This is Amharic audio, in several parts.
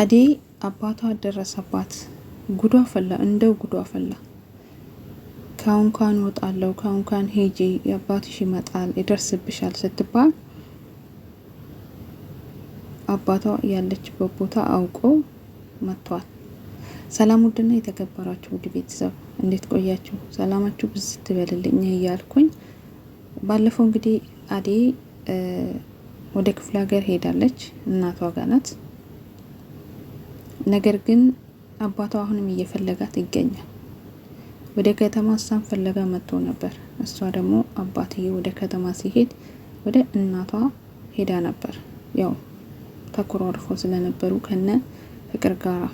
አደይ አባቷ ደረሰባት። ጉዷ ፈላ፣ እንደው ጉዷ ፈላ። ካውንኳን ካን ወጣለሁ፣ ካሁን ካን ሄጂ፣ የአባትሽ ይመጣል፣ ይደርስብሻል ስትባል አባቷ ያለችበት ቦታ አውቆ መጥቷል። ሰላም ውድና የተከበራችሁ ውድ ቤተሰብ እንዴት ቆያችሁ? ሰላማችሁ ብዙ ትበልልኝ እያልኩኝ ባለፈው እንግዲህ አዴ ወደ ክፍለ ሀገር ሄዳለች፣ እናቷ ጋር ናት። ነገር ግን አባቷ አሁንም እየፈለጋት ይገኛል። ወደ ከተማ እሷን ፈለጋ መጥቶ ነበር። እሷ ደግሞ አባትዬ ወደ ከተማ ሲሄድ ወደ እናቷ ሄዳ ነበር። ያው ተኮራርፎ ስለነበሩ ከነ ፍቅር ጋራ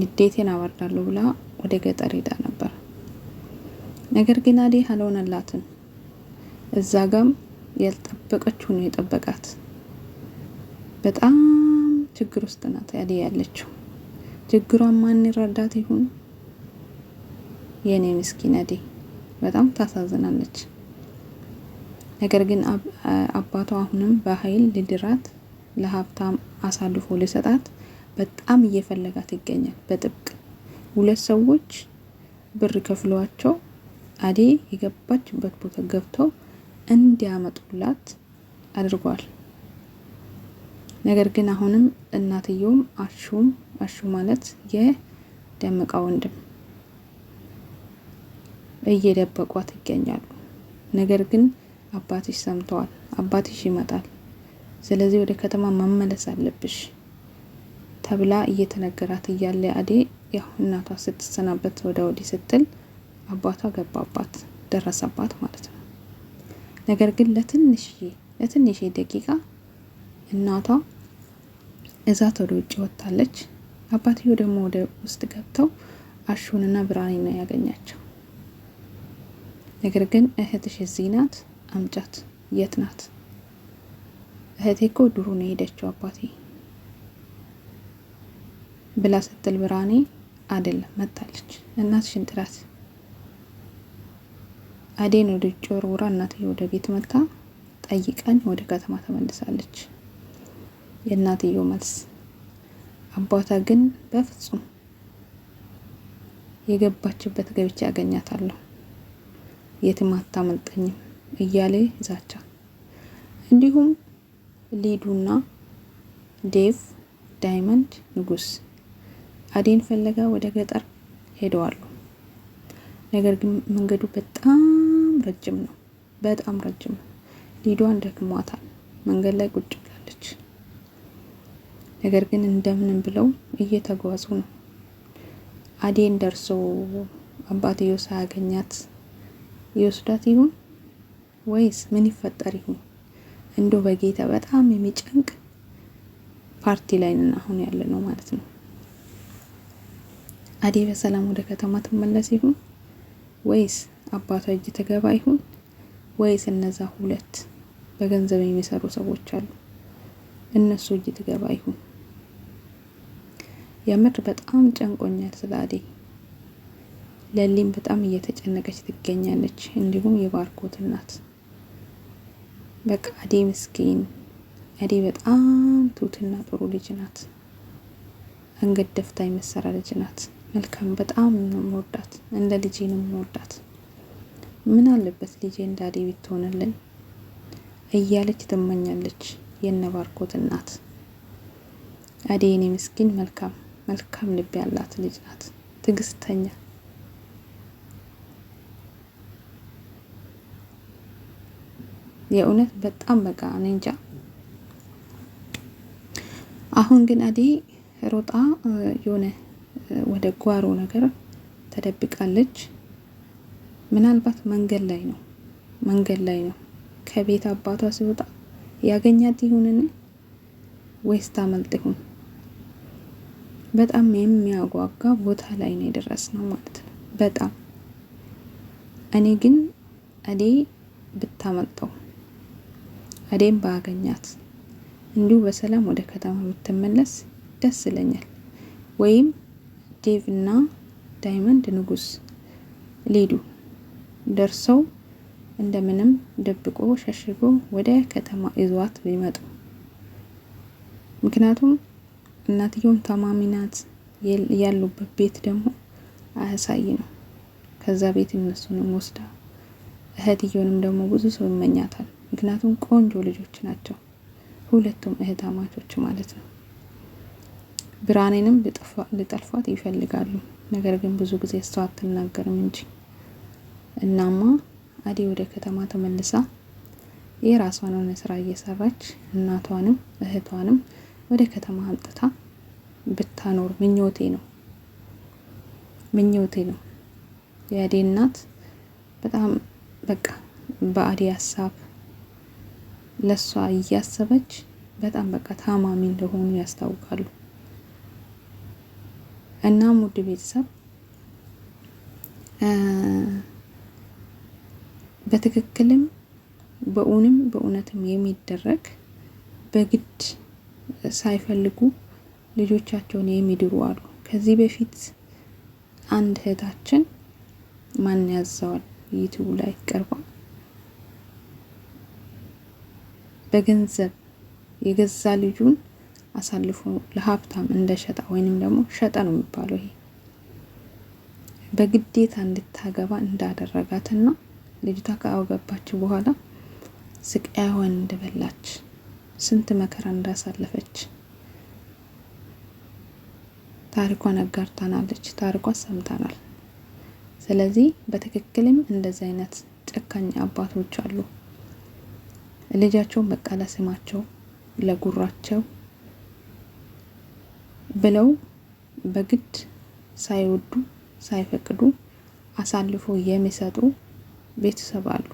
ንዴቴን አበርዳለሁ ብላ ወደ ገጠር ሄዳ ነበር። ነገር ግን አዴ አልሆነላትም። እዛ ጋም ያልጠበቀችው ነው የጠበቃት በጣም ችግር ውስጥ ናት አደይ ያለችው። ችግሯን ማን ይረዳት ይሁን? የኔ ምስኪን አዲ በጣም ታሳዝናለች። ነገር ግን አባቷ አሁንም በኃይል ሊድራት ለሀብታም አሳልፎ ሊሰጣት በጣም እየፈለጋት ይገኛል በጥብቅ ሁለት ሰዎች ብር ከፍሏቸው አዴ የገባችበት ቦታ ገብተው እንዲያመጡላት አድርጓል። ነገር ግን አሁንም እናትየውም አሹም አሹ ማለት የደምቃ ወንድም እየደበቋት ይገኛሉ። ነገር ግን አባትሽ ሰምተዋል፣ አባትሽ ይመጣል፣ ስለዚህ ወደ ከተማ መመለስ አለብሽ ተብላ እየተነገራት እያለ አዴ ያው እናቷ ስትሰናበት ወደ ወዲህ ስትል አባቷ ገባባት፣ ደረሰባት ማለት ነው። ነገር ግን ለትንሽ ለትንሽ ደቂቃ እናቷ እዛት ወደ ውጭ ወጥታለች። አባትየው ደግሞ ወደ ውስጥ ገብተው አሹንና ብርሃኔ ነው ያገኛቸው። ነገር ግን እህትሽ እዚህ ናት፣ አምጫት። የት ናት? እህቴ እኮ ድሮ ነው የሄደችው አባቴ ብላ ስትል ብርሃኔ አይደለም መጣለች፣ እናትሽን ጥራት። አዴን ወደ ውጭ ውራ እናትዬ ወደ ቤት መታ ጠይቀኝ ወደ ከተማ ተመልሳለች። የእናትየው መልስ። አባቷ ግን በፍጹም የገባችበት ገብቼ ያገኛታለሁ የትም አታመልጠኝም እያለ ዛቻ። እንዲሁም ሊዱና ዴቭ ዳይመንድ ንጉስ አዴን ፈለጋ ወደ ገጠር ሄደዋሉ። ነገር ግን መንገዱ በጣም ረጅም ነው፣ በጣም ረጅም ነው። ሊዷን ደክሟታል። መንገድ ላይ ቁጭ ነገር ግን እንደምንም ብለው እየተጓዙ ነው። አዴን ደርሶ አባትዮ ሳያገኛት ይወስዳት ይሁን ወይስ ምን ይፈጠር ይሁን? እንዶ በጌታ በጣም የሚጨንቅ ፓርቲ ላይ ነን አሁን ያለ ነው ማለት ነው። አዴ በሰላም ወደ ከተማ ትመለስ ይሁን ወይስ አባቷ እጅ ተገባ ይሁን ወይስ እነዛ ሁለት በገንዘብ የሚሰሩ ሰዎች አሉ እነሱ እጅ ትገባ ይሁን? የምር በጣም ጨንቆኛል ስላዴ። ለሊም በጣም እየተጨነቀች ትገኛለች። እንዲሁም የባርኮት እናት በቃ አዴ ምስኪን አዴ በጣም ትሁትና ጥሩ ልጅ ናት። አንገት ደፍታ የምትሰራ ልጅ ናት። መልካም በጣም ነው የምወዳት። እንደ ልጄ ነው የምወዳት። ምን አለበት ልጄ እንዳዴ ብትሆንልን እያለች ትመኛለች የነ ባርኮት እናት። አዴ እኔ ምስኪን መልካም መልካም ልብ ያላት ልጅ ናት፣ ትግስተኛ የእውነት በጣም በቃ እኔ እንጃ። አሁን ግን አዴ ሮጣ የሆነ ወደ ጓሮ ነገር ተደብቃለች። ምናልባት መንገድ ላይ ነው መንገድ ላይ ነው ከቤት አባቷ ሲወጣ ያገኛት ይሁንን ወይስ ታመልጥ ይሁን? በጣም የሚያጓጓ ቦታ ላይ ነው የደረስነው ማለት ነው። በጣም እኔ ግን አዴ ብታመልጠው አዴም ባገኛት እንዲሁ በሰላም ወደ ከተማ ብትመለስ ደስ ይለኛል። ወይም ዴቭ እና ዳይመንድ ንጉስ ሊዱ ደርሰው እንደምንም ደብቆ ሸሽጎ ወደ ከተማ ይዟት ቢመጡ ምክንያቱም እናትየውም ታማሚ ናት። ያሉበት ቤት ደግሞ አያሳይ ነው። ከዛ ቤት እነሱንም ወስዳ እህትየውንም ደግሞ ብዙ ሰው ይመኛታል። ምክንያቱም ቆንጆ ልጆች ናቸው ሁለቱም አማቾች ማለት ነው። ብርሃኔንም ልጠልፏት ይፈልጋሉ። ነገር ግን ብዙ ጊዜ እሷ አትናገርም እንጂ እናማ አዴ ወደ ከተማ ተመልሳ የራሷን ሆነ ስራ እየሰራች እናቷንም እህቷንም ወደ ከተማ አምጥታ ብታኖር ምኞቴ ነው ምኞቴ ነው። የአዴ እናት በጣም በቃ በአዴ ሀሳብ ለሷ እያሰበች በጣም በቃ ታማሚ እንደሆኑ ያስታውቃሉ። እና ውድ ቤተሰብ በትክክልም በእውንም በእውነትም የሚደረግ በግድ ሳይፈልጉ ልጆቻቸውን የሚድሩ አሉ። ከዚህ በፊት አንድ እህታችን ማን ያዘዋል ዩቱብ ላይ ቀርባ በገንዘብ የገዛ ልጁን አሳልፎ ለሀብታም እንደሸጣ ወይንም ደግሞ ሸጠ ነው የሚባለው። ይሄ በግዴታ እንድታገባ እንዳደረጋትና ልጅቷ ካገባች በኋላ ስቃይዋን እንደበላች ስንት መከራ እንዳሳለፈች ታሪኳን አጋርታናለች፣ ታሪኳ ሰምተናል። ስለዚህ በትክክልም እንደዚህ አይነት ጨካኝ አባቶች አሉ። ልጃቸውን በቃ ለስማቸው ለጉራቸው ብለው በግድ ሳይወዱ ሳይፈቅዱ አሳልፎ የሚሰጡ ቤተሰብ አሉ።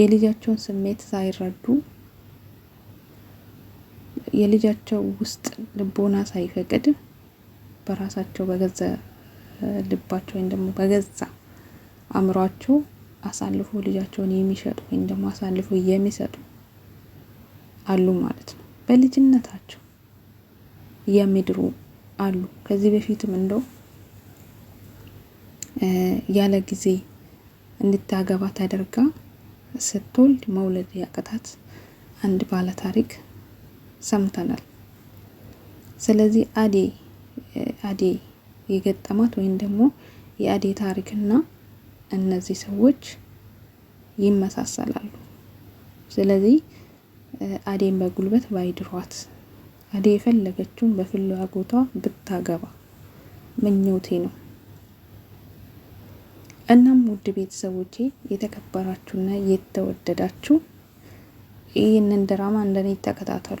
የልጃቸውን ስሜት ሳይረዱ የልጃቸው ውስጥ ልቦና ሳይፈቅድ በራሳቸው በገዛ ልባቸው ወይም ደግሞ በገዛ አእምሯቸው አሳልፎ ልጃቸውን የሚሸጡ ወይም ደግሞ አሳልፎ የሚሰጡ አሉ ማለት ነው። በልጅነታቸው የሚድሩ አሉ። ከዚህ በፊትም እንደው ያለ ጊዜ እንድታገባ ተደርጋ ስትወልድ መውለድ ያቀታት አንድ ባለ ታሪክ ሰምተናል። ስለዚህ አዴ አዴ የገጠማት ወይም ደግሞ የአዴ ታሪክና እነዚህ ሰዎች ይመሳሰላሉ። ስለዚህ አዴን በጉልበት ባይድሯት፣ አዴ የፈለገችውን በፍላጎቷ ብታገባ ምኞቴ ነው። እናም ውድ ቤተሰቦቼ የተከበራችሁና የተወደዳችሁ ይህንን ድራማ እንደኔ ተከታተሉ።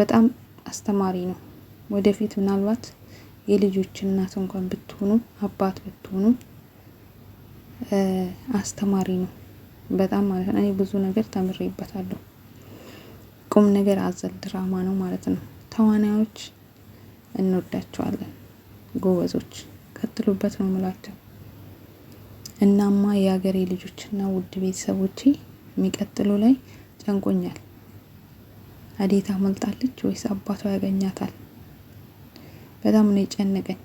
በጣም አስተማሪ ነው። ወደፊት ምናልባት የልጆች እናት እንኳን ብትሆኑ አባት ብትሆኑ አስተማሪ ነው በጣም ማለት ነው። እኔ ብዙ ነገር ተምሬበታለሁ። ቁም ነገር አዘል ድራማ ነው ማለት ነው። ተዋናዮች እንወዳቸዋለን፣ ጎበዞች ቀጥሉበት ነው ምላቸው። እናማ የሀገሬ ልጆችና ውድ ቤተሰቦቼ የሚቀጥሉ ላይ ጨንቆኛል። አዴ መልጣለች ወይስ አባቷ ያገኛታል? በጣም ነው የጨነቀኝ።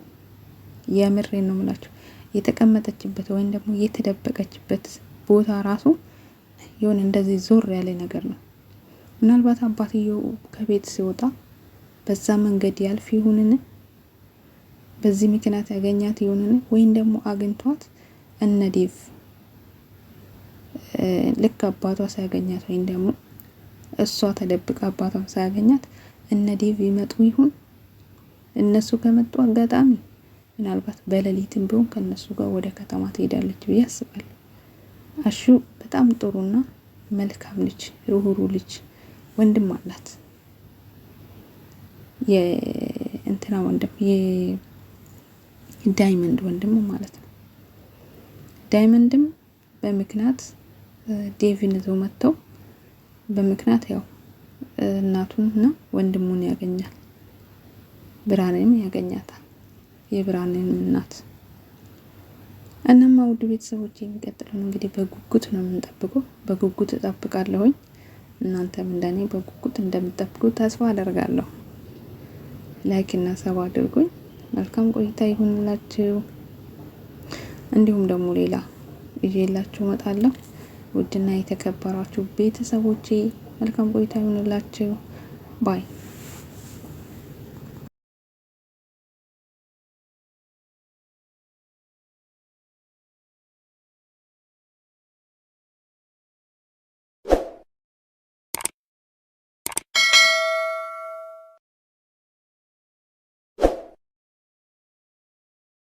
የምሬ ነው ምላችሁ የተቀመጠችበት ወይም ደግሞ የተደበቀችበት ቦታ ራሱ የሆነ እንደዚህ ዞር ያለ ነገር ነው። ምናልባት አባትየው ከቤት ሲወጣ በዛ መንገድ ያልፍ ይሁንን? በዚህ ምክንያት ያገኛት ይሆንን ወይም ደግሞ አግኝቷት እነ ዴቭ ልክ አባቷ ሳያገኛት ወይም ደግሞ እሷ ተደብቃ አባቷን ሳያገኛት እነ ዴቭ ይመጡ ይሆን? እነሱ ከመጡ አጋጣሚ ምናልባት በሌሊትም ቢሆን ከነሱ ጋር ወደ ከተማ ትሄዳለች ብዬ አስባለሁ። አሹ በጣም ጥሩና መልካም ልጅ፣ ሩህሩ ልጅ ወንድም አላት። የእንትና ወንድም ዳይመንድ ወንድሙ ማለት ነው። ዳይመንድም በምክንያት ዴቪን ይዞ መጥተው በምክንያት ያው እናቱን እና ወንድሙን ያገኛል። ብርሃንንም ያገኛታል። የብርሃንንም እናት እናማ ውድ ቤተሰቦች የሚቀጥለውን እንግዲህ በጉጉት ነው የምንጠብቀው። በጉጉት እጠብቃለሁኝ። እናንተም እንደኔ በጉጉት እንደምጠብቁ ተስፋ አደርጋለሁ። ላይክ እና ሰብ አድርጉኝ። መልካም ቆይታ ይሁንላችሁ። እንዲሁም ደግሞ ሌላ ይዤላችሁ እመጣለሁ። ውድና የተከበራችሁ ቤተሰቦቼ መልካም ቆይታ ይሁንላችሁ ባይ